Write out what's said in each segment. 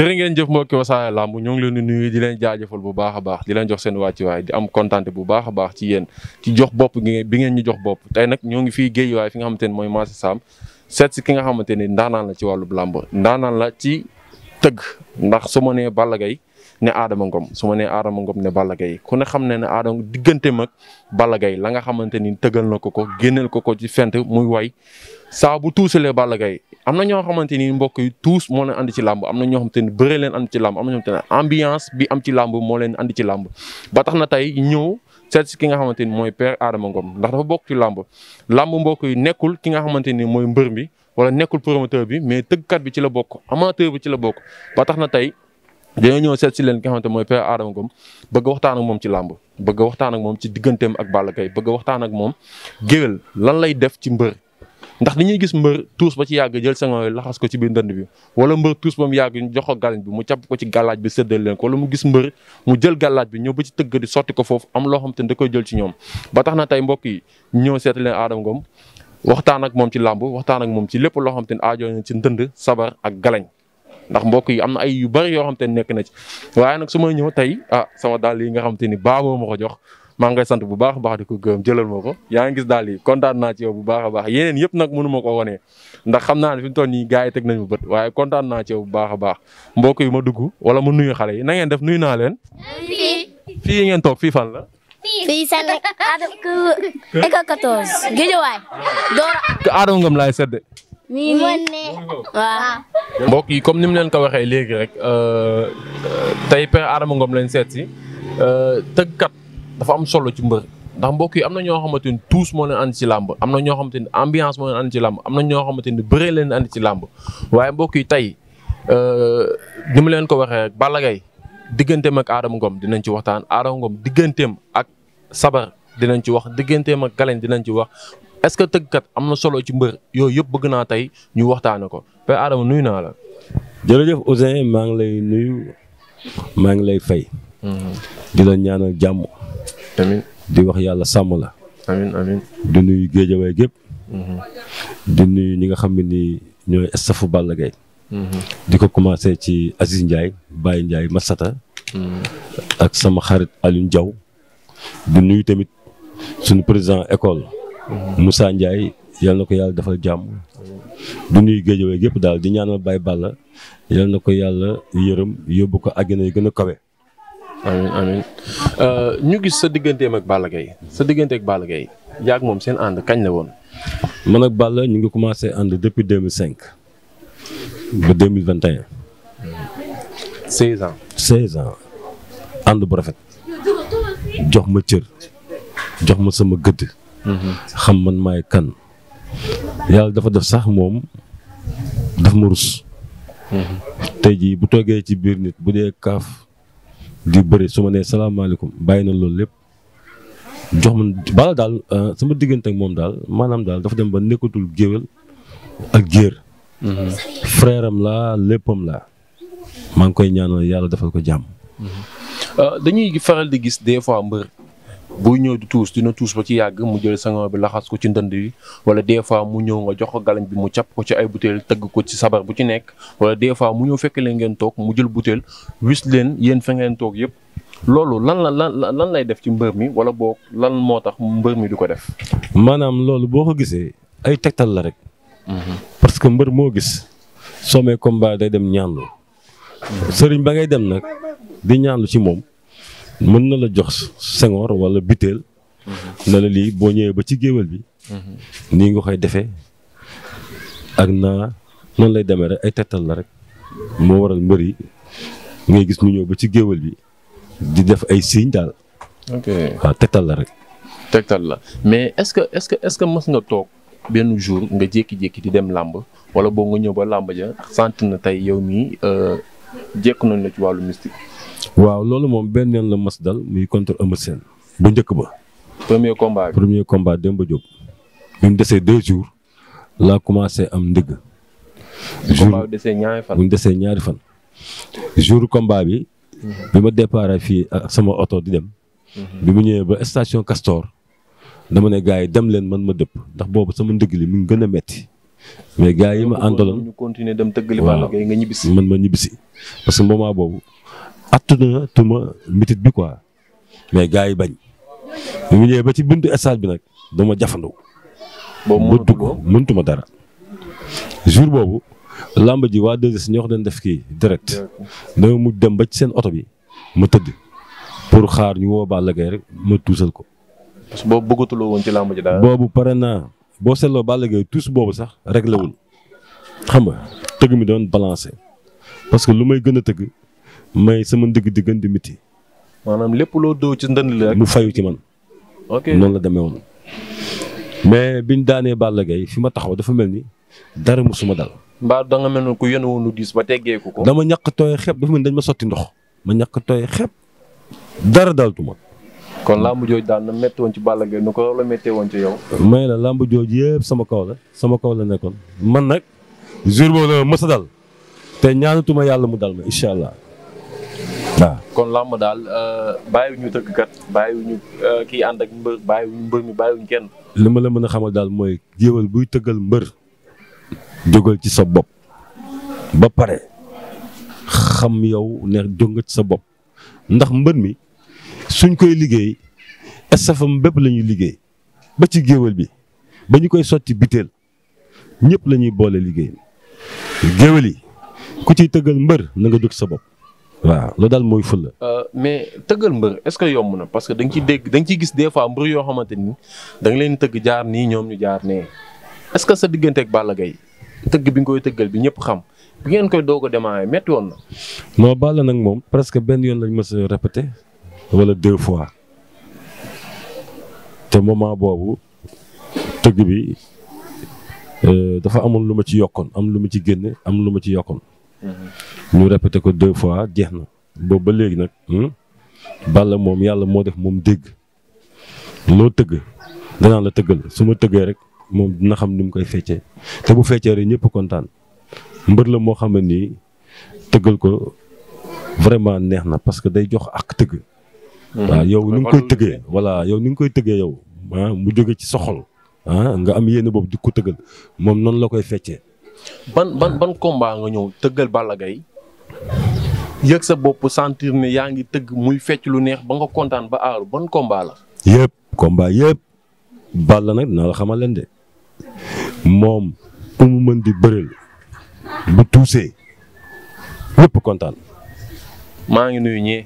jërë ngeen jëf mbokki wasaare làmb ñoo ngi leen di nuyu di leen jaajëfal bu baax a baax di leen jox seen wàccuwaay di am kontante bu baax a baax ci yéen ci jox bopp bi ngeen ñi jox bopp tey nag ñoo ngi fii géej waay fi nga xamante ne mooy marché Sam seet si ki nga xamante ne ndaanaan la ci wàllu làmb ndaanaan la ci tëgg ndax su ma nee Balla Gaye ne Adama Ngom su ma nee Adama Ngom ne Balla Gaye ku ne xam ne ne Adama diggante mag Balla Gaye la nga xamante ni tëgal na ko ko génneel ko ko ci fent muy way saa bu tuusalee Balla Gaye am na ñoo xamante ni mbokk yi tuus moo leen andi ci lamb am na ñoo xamante ni bëre leen andi ci làmb am na ñoo xamante ambiance bi am ci làmb moo leen andi ci làmb ba tax na tey ñëw seet si ki nga xamante ni mooy père Adama Ngom ndax dafa bokk ci làmb lamb mbokk yi nekkul ki nga xamante ni mooy mbër mi wala nekku promoteur bi mais tëggkat bi ci la bokk amateur bi ci la bokk tax na tey dañoo ñëw seet si leen ki nga mooy Père Adama Ngom bëgg waxtaan ak moom ci làmb bëgg waxtaan ak moom ci digganteem ak Balla bëgg waxtaan ak moom géwél lan lay def ci mbër ndax dañuy gis mbër tuus ba ci yàgg jël sangoo yi laxas ko ci biir ndënd bi wala mbër tuus ba yàgg jox ko galañ bi mu càpp ko ci gàllaaj bi séddal leen ko wala mu gis mbër mu jël gàllaaj bi ñëw ba ci tëgg di sotti ko foofu am loo xam te ne da jël ci ñoom ba na tey mbokk yi ñëw seet leen Adama waxtaan ak moom ci làmb waxtaan ak moom ci lépp loo xam te ne aajoo ci ndënd sabar ak galañ ndax mbokk yi am na ay yu bëri yoo xam te nekk na ci waaye nag su ma ñëw tey sama daal yi nga xam te ni baaboo ma ko jox maa ngi koy sant bu baax a baax di ko gërëm jëlal ma ko yaa ngi gis daal yi kontaan na ci bu baax a baax yeneen yëpp nag mënu ma ko wanee ndax xam naa ne fi mu toll nii gars yi teg nañu bët waaye kontaan naa ci bu baax a baax mbokk yi ma dugg wala ma nuyu xale yi na ngeen def nuyu naa leen fi ngeen toog fi fan la fii seen Adama Kër Eka 14 Guédiawaye nii yi comme ni mu leen ko waxee léegi rek euh, euh, tey Père Adama Ngom lañ seet si euh, tëggkat dafa am solo ci mbër ndax mbokk yi am na ñoo xamante ni tous moo leen andi ci làmb am na ñoo xamante ni ambiance moo leen andi ci làmb am na ñoo xamante ni bëree leen andi ci làmb waaye mbokk yi tey ni mu leen ko waxee rek Balla Gaye digganteem ak Adama Ngom dinañ ci waxtaan Adama Ngom digganteem ak Sabar dinañ ci wax digganteem ak Galañ dinañ ci wax. est-ce que tëggkat am na solo ci mbër yooyu yëpp bëgg naa tey ñu waxtaane ko Père Adama nuyu naa la. jërëjëf Ouzin maa ngi lay nuyu maa ngi lay fay. Mhm. di la ñaanal jàmm. amiin di wax yàlla sàmm la. amiin amiin di nuyu géejawaay gépp mhm. di nuyu ñi nga xam ne nii ñooy staffu Balla Gaye mhm. di ko commencé ci Aziz Ndiaye bàyyi njaay Massata. ak sama xarit Alioune Diaw. di nuyu tamit suñu président école. Moussa Ndiaye yal na ko yàlla defal jàmm. du nuyu géejawee yëpp daal di ñaanal Baye Balla yal na ko yàlla yërëm yóbbu ko àggina yi gën a kawe. amiin euh, ñu gis sa digganteem ak Balla Gaye sa digganteeg Balla Gaye yaag moom seen ànd kañ la woon. man ak Balla ñu ngi commencé ànd depuis 2005 ba 2021. 16 ans 16 ans ànd bu rafet jox ma cër jox ma sama gëdd. xam man maay kan yàlla dafa def sax moom daf ma rus tey jii bu toogee ci biir nit bu dee kaaf di bari su ma nee salaamaaleykum bàyyi na loolu lépp jox man bala daal euh, sama diggante ak moom daal maanaam daal dafa dem ba nekkatul géwél ak géer frère am laa léppam laa maa ngi koy ñaanal yàlla defal ko jàmm euh, dañuy faral di gis des fois mbër buy ñëw di tuus dina tuus ba ci yàgg mu jël sango bi laxas ko ci ndënd yi wala des fois mu ñëw nga jox ko galañ bi mu cap ko ci ay butéel tëgg ko ci sabar bu ci nekk wala des fois mu ñëw fekk leen ngeen toog mu jël butéel wis leen yéen fa ngeen toog yëpp loolu lan la lan lan lay def ci mbër mi wala boo lan moo tax mbër mi du ko def. maanaam loolu boo ko gisee ay tegtal la rek. Mhm. parce que mbër moo gis soomee combat day dem ñaanlu. Mhm. sëriñ ba ngay dem nag di ñaanlu ci moom. mën na la jox sengoor wala butéel. Mhm. na la lii boo ñëwee ba ci géwél bi. Mhm. nii nga koy defee ak naa noonu lay demee rek ay tettal la rek moo waral mbër yi ngay gis ñu ñëw ba ci géwél bi di def ay signe daal. ok waaw tegtal la rek. tegtal la mais est-ce que est-ce que est-ce que mës nga toog benn jour nga jékki-jékki di dem làmb wala boo nga ñëw ba làmb ja sant na tey yow mii euh, jekk noonu la ci wàllu mystique. waaw loolu moom benn yoon la mas dal muy contre Eumeu Sène bu njëkk ba. premier combat premier combat Demba Diop. bi mu desee deux jours laa commencé am ndigg jour ñaari fan bu ñu desee ñaari fan. jour combat bi. bi ma départ fii ak sama oto di dem. Mhm. bi mu ñëwee ba station kastoor dama ne gars yi dem leen man ma dëpp ndax boobu sama ndigg li mu ngi gën a metti mais gaa yi ma àndaloon ñu continuer dem tëggali Balla Gaye nga man ma ñibbisi parce que moment boobu attuna tuma mitit bi quoi mais gars yi bañ bi ba ci buntu stade bi nag dama jafandu. boobu mëntu ko mëntu dara. jour boobu làmb ji waa 2 si ñoo ko doon def kii direct dama mujj dem ba ci seen oto bi ma tëdd pour xaar ñu woo Balla Gaye rek ma tuusal ko. boobu bëggatuloo woon ci làmb ji daal. boobu pare naa boo selloo Balla Gaye tuus boobu sax réglé wul xam nga tëgg mi doon balancé parce que lu may gën a tëgg. may sama ndigg di gën di maanaam lépp loo dóor ci ndënd la mu fayu ci man. ok noonu la demee woon. mais ñu daanee Balla gay fi ma taxaw dafa mel ni dara musuma dal. mbaa da nga mel ne ku yéen woon lu diis ba teggeeku ko. dama ñàkk tooy xepp dafa mel dañ ma sotti ndox ma ñàkk tooy xepp dara dal tu ma. kon làmb jooju daal na métti ci Balla Gaye nu ko la méttee woon ci yow. may la làmb jooju yëpp sama kaw la sama kaw la nekkoon man nag jour boobu la mës a dal te ñaanatuma yàlla mu dal ma incha allah. waaw kon làmb daal euh, bàyyiwuñu tëggkat bàyyiwuñu euh, kii ànd ak mbër bàyyiwuñu kenn. li ma la mën a xamal daal mooy géwél buy tëggal mbër jógal ci sa bopp ba pare xam yow neex jóg nga ci sa bopp ndax mbër mi suñ koy liggéey estafam bépp lañuy liggéey ba ci géwél bi ba ñu koy sotti biteel ñëpp lañuy boole liggéey géwël yi ku ciy tëggal mbër na jóg sa bopp. waaw loolu daal mooy fël. Euh, mais tëggal mbër est-ce que yomb na parce que da nga ciy dégg da nga ciy gis des fois mbër yoo xamante ni danga leen tëgg jaar nii ñoom ñu jaar nee est-ce que sa digganteeg Balla Gaye tëgg bi nga koy tëggal bi ñëpp xam bi ngeen koy doog a démarrer métti woon na. moo Balla nag moom presque benn yoon lañ ma a répété wala deux fois te moment boobu tëgg bi euh, dafa amoon lu ma ci yokkoon am lu ma ci génn am lu ma ci yokkoon. Mhm. ñu répété ko deux fois jeex na boobu ba léegi nag. Hmm? Balla moom yàlla moo def moom dégg loo tëgg danaa la tëggal su ma tëggee rek moom dina xam ni mu koy feccee te bu feccee rek ñëpp kontaan mbër la moo xam nii tëggal ko vraiment neex na parce que day jox ak tëgg. Mhm. waaw yow ni nga koy tëggee voilà yow ni ngi koy tëggee yow ah mu jóge ci soxol ah nga am yéene boobu di ko tëggal moom noonu la koy feccee. ban ban ban combat nga ñëw tëggal Balla Gaye yëg sa bopp sentir ne yaa ngi tëgg muy fecc lu neex ba nga kontaan ba aaru ban combat la. yëpp combat yëpp Balla nag dina la xamal leen de moom ku mu mën di bëril bu tuusee ñëpp kontaan. maa ngi nuyu ñee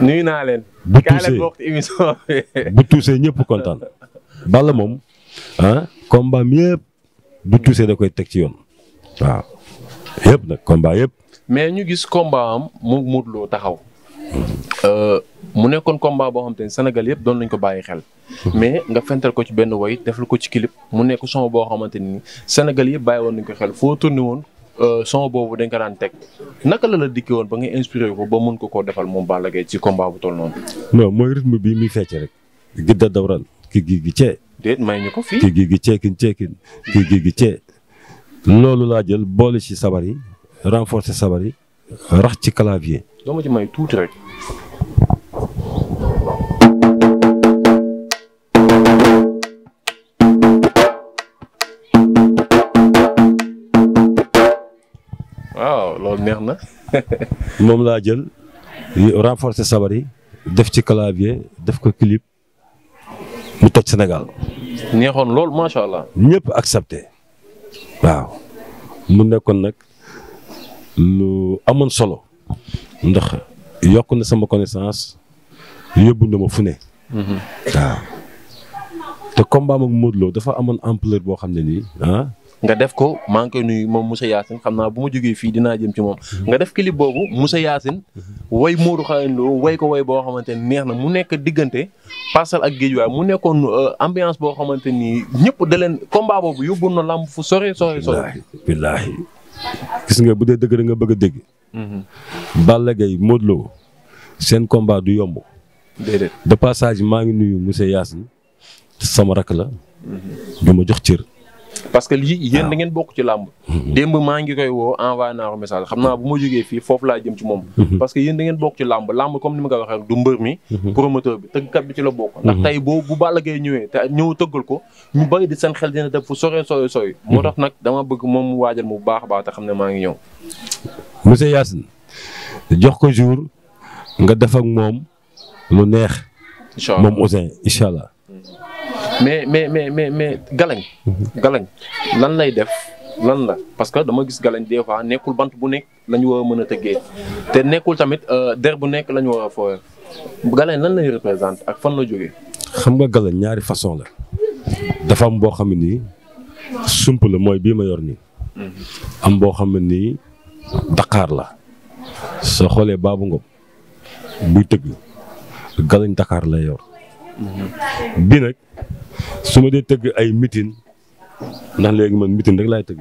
nuyu naa leen. bu tuusee émission bu tuusee ñëpp kontaan Balla moom ah combat mi bu tuusee da koy teg ci yoon. waaw yëpp nag komba yëpp. mais ñu gis combat am mu Modou Lo taxaw. Euh, mu nekkoon combat boo xam te ne yëpp doon nañ ko bàyyi xel. mais nga fental ko ci benn woy defal ko ci kilip mu nekk son boo xamante ni Sénégal yëpp bàyyi woon nañ ko xel foo tourné woon euh, son boobu dañ ko daan teg naka la la dikkee woon ba nga inspiré ko ba mun ko koo defal moom Balla Gaye ci combat bu toll noonu. non mooy rythme bii muy fecc rek. gidda dawral ki gi gi cee. déet may ñu ko fii. ki gi gi ceekin ceekin gi cee. loolu laa jël boole ci sabar yi renforcer sabar yi rax ci clavier. doo ma ci may tuuti rek. waaw loolu neex na. moom laa jël renforcer sabar yi def ci clavier def ko clip mu toj Sénégal. neexoon lool macha allah. ñëpp accepté. waaw mu nekkoon nag lu amoon solo ndax yokk na sama connaissance yóbbu na ma fu ne. Mhm. waaw te combat ak Modou Lo dafa amoon ampleur boo xam ne nii ah. nga def ko maa ngi koy nuyu moom Moussa Yacine xam naa bu ma jógee fii dinaa jëm ci moom. nga def clip boobu Moussa Yacine. way Modou Xaragne Lo way ko woy boo xamante ni neex na mu nekk diggante Parcelles ak géej Guédiawaye mu nekkoon euh, ambiance boo xamante nii ñëpp da leen combat boobu yóbbu na làmb fu sore sore sore. billaahi gis nga bu dee dëgg nga bëgg a dégg. Mhm. Balla Gaye Modou seen combat du yomb. déedéet de passage maa ngi nuyu Moussa Yacine sama rakk la. Mhm. du jox cër. parce que lii yéen da ngeen bokk ci làmb mm-hmm. démb maa ngi koy woo envoyé naa ko message xam naa bu ma jógee fii foofu laa jëm ci moom mm-hmm. parce que yéen da ngeen bokk ci làmb làmb comme ni ma ko waxee du mbër mi mm-hmm. promoteur bi tëggkat bi ci la bokk ndax tey boo bu Balla Gaye ñëwee te ñëw tëggal ko ñu bëri di seen xel dina def fu sore sore sore moo tax nag dama bëgg moom mu waajal mu baax a baax te xam ne maa ngi ñëw monsieur Yacine jox ko jour nga def ak moom lu neex moom Ouzin incha allah mais mais mais mais mais galañ. galañ lan lay def lan la parce que dama gis galañ des fois nekkul bant bu nekk lañu ñu mën a tëggee te nekkul tamit euh, der bu nekk la ñu war a fooyee galañ lan lay représenté ak fan la jógee. xam nga galañ ñaari façon la dafa am boo xam ne nii sump la mooy bii ma yor nii. Mhm. am boo xam ni nii la soo xoolee Babou Ngom buy tëgg galañ Dakar lay yor. bi nag su ma dee tëgg ay mitin ndax léegi man mitin rek laay tëgg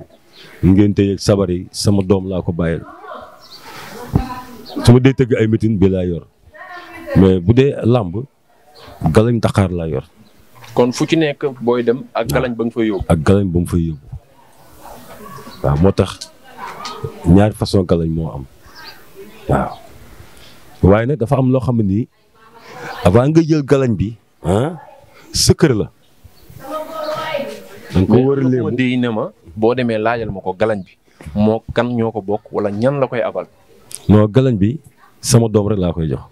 ngénte yeeg sabar yi sama doom laa ko bàyyil su ma dee tëgg ay mitin bi laa yor mais bu dee làmb galañ Dakar laa yor. kon fu ci nekk booy dem ak galañ ba nga fay yóbbu. ak galañ ba nga fay yóbbu waaw moo tax ñaari façon galañ moo am waaw waaye nag dafa am loo xam ne nii avant nga jël galañ bi. ah sa la. da nga ko ma boo demee laajal ma ko galañ bi moo kan ñoo ko bokk wala ñan la koy abal. non galañ bi sama doom rek laa koy jox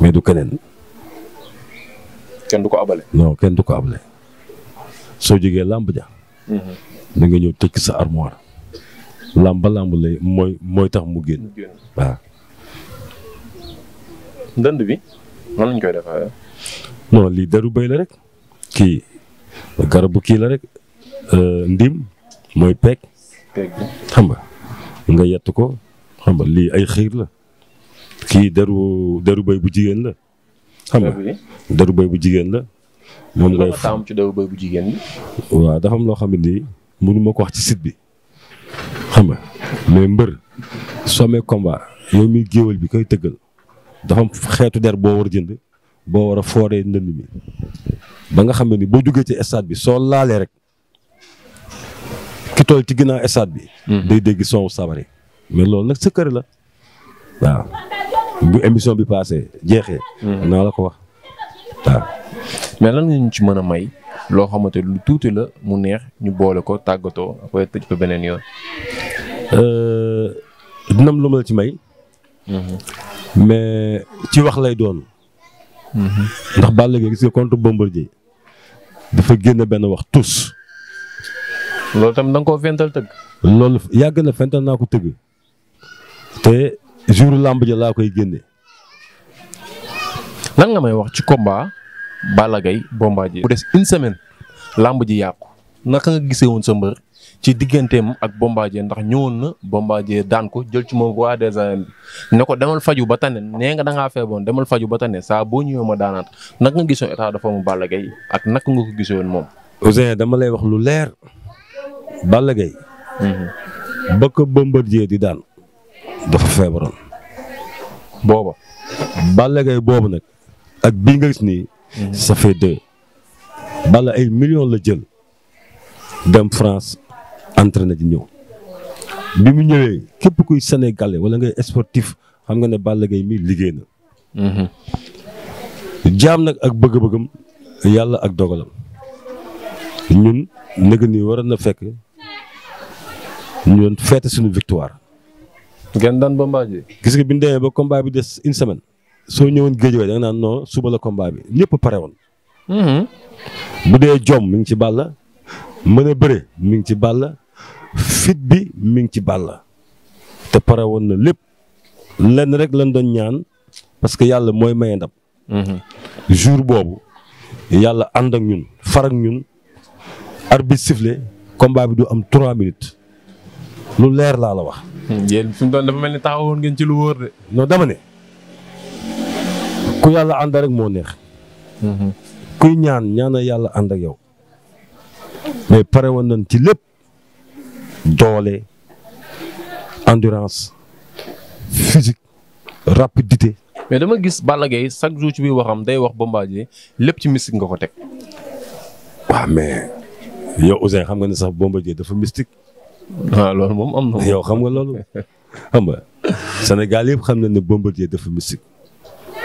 mais du keneen. kenn du ko abale. non kenn du ko abale soo jógee làmb ja. da mhm. ñëw tëj sa armoire. làmb làmb lay mooy mooy tax mu génn. waaw. ndënd bi nan lañ koy defee. non lii deru bay la rek kii garabu kii la rek euh, ndim mooy peeg. xam nga nga yett ko xam nga lii ay xiir la kii deru deru bëy bu jigéen la. xam nga deru bëy bu jigéen la. moom ngay taam ci deru bëy bu jigéen bi. waaw dafa am loo xam ni nii ko wax ci sit bi xam nga mais mbër soo amee combat yow mi géwél bi koy tëggal dafa am xeetu der boo war jënd. boo war a fooree ndënd mi ba nga xam ne ni boo duggee ci stade bi soo laalee rek ki toll ci ginaa stade bi. Mhm. day dégg soowu sabar yi mais loolu nag sëkkër la waaw bu émission bi passé jeexee. Mhm. naa la ko wax waaw. mais lan nga ñu ci mën a may loo xamante lu tuuti la mu neex ñu boole ko tàggatoo après tëj ko beneen yoon. Euh, dina am lu ma la ci may. Mhm. mais ci wax lay doon. ndax Balla Gaye gis nga contre Bombardier dafa génn benn wax tous. loolu tam danga nga koo fental tëgg. loolu yàgg na fental naa ko tëgg te jour làmb ja laa koy génne. lan nga may wax ci combat Balla Gaye Bombardier bu des une semaine làmb ji yàqu naka nga gisee woon sa mbër ci digganteem ak Bombardier ndax ñëwoon na Bombardier daan jël ci moom roi ne ko demal faju ba tane nee nga da ngaa demal faju ba tane saa boo ñëwee ma daanaat naka nga gisoon état dafa mu Balla Gaye ak nak nga ko gisoon moom. Ouzin dama lay wax lu leer Balla Gaye. Mhm. ba ko Bombardier di daan feebaroon. booba. Balla boobu nag. ak bii nga gis nii. Mhm. ça ay millions la jël dem France. entraîné di ñëw bi mu ñëwee képp kuy sénégalais wala ngay sportif xam nga ne Balla Gaye mi liggéey na. Mhm. jaam nag ak bëgg-bëggam yàlla ak dogalam ñun nëgg nii waroon na fekk ñu doon feete suñu victoire. ngeen daan combat ji. gis nga bi ñu demee ba combat bi des une semaine soo ñëwoon géej waay da nga naan non suba la combat bi ñëpp pare woon. Mhm. bu dee jom mi ngi ci Balla mën a bëre mi ngi ci Balla fit bi mi ngi ci la te pare woon na lépp lenn rek lañ doon ñaan parce que yàlla mooy maye ndam. Mhm. jour boobu yàlla ànd ak ñun far ak ñun arbitre sifflé combat bi du am trois minutes lu leer laa la wax. Hmm, yéen fi mu doon dafa mel ni taxawoon ngeen ci lu wóor de. non dama ne ku yàlla ànd rek moo neex. Mhm. kuy ñaan ñaana yàlla ànd ak yow mais pare woon nañ ci lépp. doole endurance physique rapidité. mais dama gis Balla Gaye chaque jour ci biir waxam day wax Bombardier lépp ci mystique nga ko teg. waaw mais yow Ousseyn xam nga ne sax Bombardier dafa mystique. waaw ah, loolu moom am na. yow xam nga loolu xam nga Sénégal yëpp xam na ne Bombardier dafa mystique.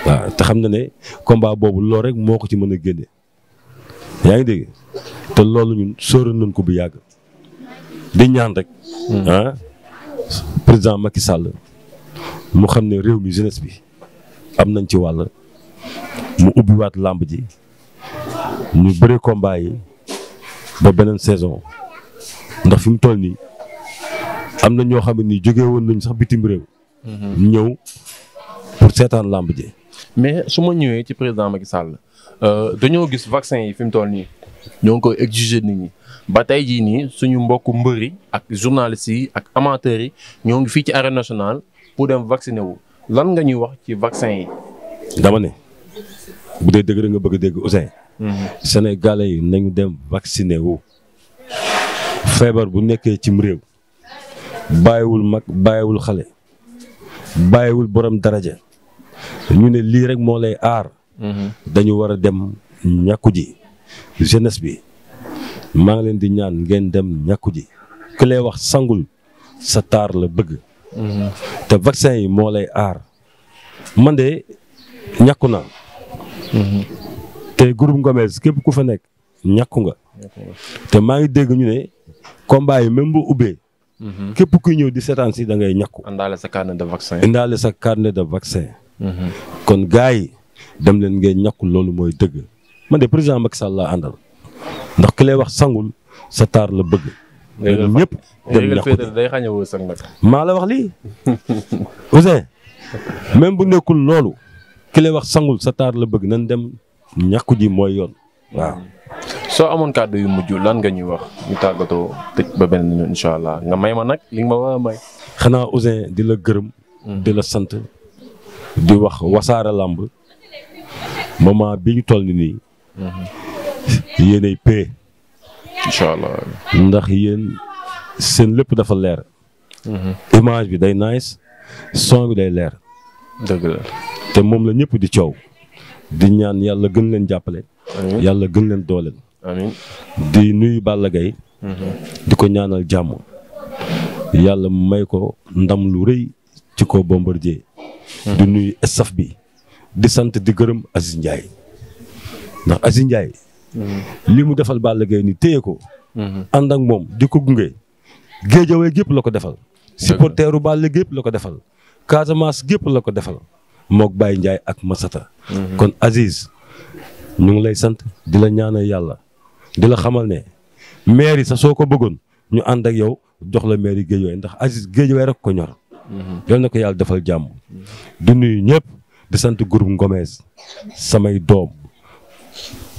waaw te xam na ne combat boobu loolu rek moo ko ci mën a génne yaa ngi dégg te loolu ñun sóoroon nañ ko bu yàgg. di ñaan rek. Hmm. Ah, président Macky Sall mu xam ne réew mi jeunesse bi am nañ ci wàll mu ubbiwaat làmb ji ñu bëre combat yi ba beneen saison ndax fi mu toll nii am na ñoo xam ni jógewoon jóge nañ sax bitim réew. Hmm. ñëw pour seetaan làmb ji. mais su ma ñëwee ci président Macky Sall euh, dañoo gis vaccin yi fi mu toll nii ñoo ngi koy exiger nit ñi. ba tey jii nii suñu mbokku mbër yi ak journalistes yi ak amateurs yi ñoo ngi fii ci arène nationale pour dem vacciner wu lan nga ñuy wax ci vaccin yi. dama ne bu dee dëgg nga bëgg a dégg Ousseyn. Mhm. Sénégalais yi nañu dem vacciner wu. feebar bu nekkee cim réew. bàyyiwul mag bàyyiwul xale. bàyyiwul borom daraja. ñu ne lii rek moo lay aar. Mhm. dañu war a dem ñàkku ji jeunesse bi. maa ngi leen di ñaan ngeen dem ñàkku ji ki lay wax sangul sa taar la bëgg. Mhm. te vaccin yi moo lay aar man de ñàkku na mhm. te groupe Ngomes képp ku fa nekk ñàkku nga. te maa ngi dégg ñu ne combat yi même bu ubbee. Mhm. képp kuy ñëw di seetaan si da ngay ñàkku. indaale sa carnet de vaccin. indaale sa carnet de vaccin. kon gars yi dem leen ngay ñàkku loolu mooy dëgg man de président Macky Sall laa àndal. ndax ki lay wax sangul sa taar la bëgg. ñëpp dem ñàkk maa la wax li Ouzin même bu nekkul loolu ki lay wax sangul sa taar la bëgg nan dem ñàkku ji mooy yoon waa soo amoon kàddu yu mujj lan nga ñuy wax ñu tàggatoo tëj ba benn incha allah nga may ma nag li ma war may. xanaa Ouzin di la gërëm. Hmm. di la sant di wax wasaare làmb moment bi ñu toll nii. Hmm. yéenay pee. incha allah ndax yéen seen lépp dafa leer. Mm-hmm. image bi day nice son day leer. dëgg te moom la ñëpp di coow. di ñaan yàlla gën leen jàppale. yàlla gën leen dooleel. di nuyu Balla Gaye mm-hmm. di ko ñaanal jàmm. yàlla may ko ndam lu rëy ci ko Bombardier. di mm-hmm. nuyu staff bi. di sant di gërëm Aziz Ndiaye. ndax Aziz Ndiaye. li mu defal Balla Gaye ni téye ko. Mhm. ànd ak moom di ko gunge. géejawaay gépp la ko defal. supporteeru Balla gépp la ko defal. Casamance gépp la ko defal. mook bàyyi Ndiaye ak Masata. Mhm. kon Aziz ñu ngi lay sant di la ñaanal yàlla di la xamal ne maire yi sax soo ko bëggoon ñu ànd ak yow jox la maire yi géejawaay ndax Aziz géejawaay rek ko ñor. Mhm. yal na ko yàlla defal jàmm. di nuyu ñëpp di sant groupe Ngomès samay doom.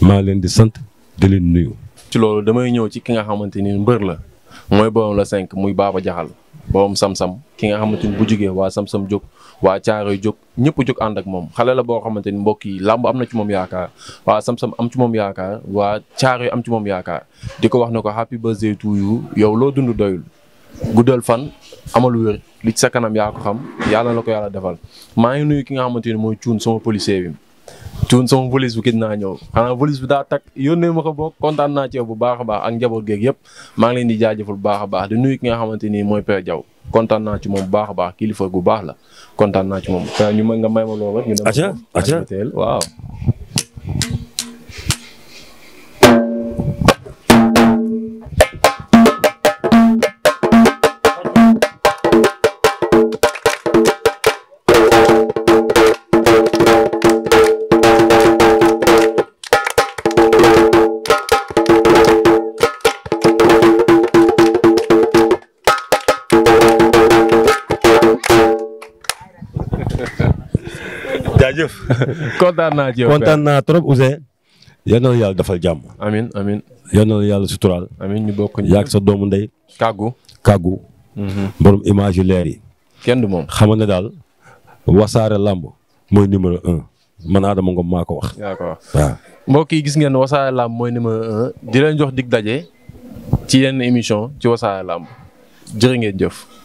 maa leen di sant di leen nuyu. ci loolu damay ñëw ci ki nga xamante ni mbër la mooy borom la cinq muy Baba Jaxal borom sam-sam ki nga xamante ni bu jógee waa sam-sam jóg waa caaroy jóg ñëpp jóg ànd ak moom xale la boo xamante ni mbokk yi làmb am na ci moom yaakaar waa sam-sam am ci moom yaakaar waa caaroy am ci moom yaakaar di ko wax na ko happy birthday to you yow loo dund doyul guddal fan amal wér li ci sa kanam yaa ko xam yàlla la ko yàlla defal maa ngi nuyu ki nga xamante ni mooy cuun sama policier bi cuun sama valise bu gëj naa ñëw xanaa valise bi daa takk yónnee ma ko boog kontaan naa bu baax a baax ak njaboot geeg yëpp maa ngi leen di jaajëfal bu baax a baax di nuyu ki nga xamante ni mooy Père jaw kontaan naa ci moom bu baax a baax kilifa gu baax la kontaan naa ci moom ñu mën nga may ma lool rek. ñu dem waaw. jaajëf. kontaan naa ci yow kontaan na yàlla defal jàmm. amiin amiin. yal na yàlla suturaal. amiin ñu bokk ñu. sa doomu ndey. kàggu kàggu. Mhm. borom image leer yi. kenn du moom xamal ne daal wasaare làmb mooy numéro un man Adama Ngom maa ko wax. yaa ko wax waaw. mbokk yi gis ngeen wasaare lamb mooy numéro un di leen jox dig daje ci yenn émission ci wasaare lamb jërë ngeen jëf.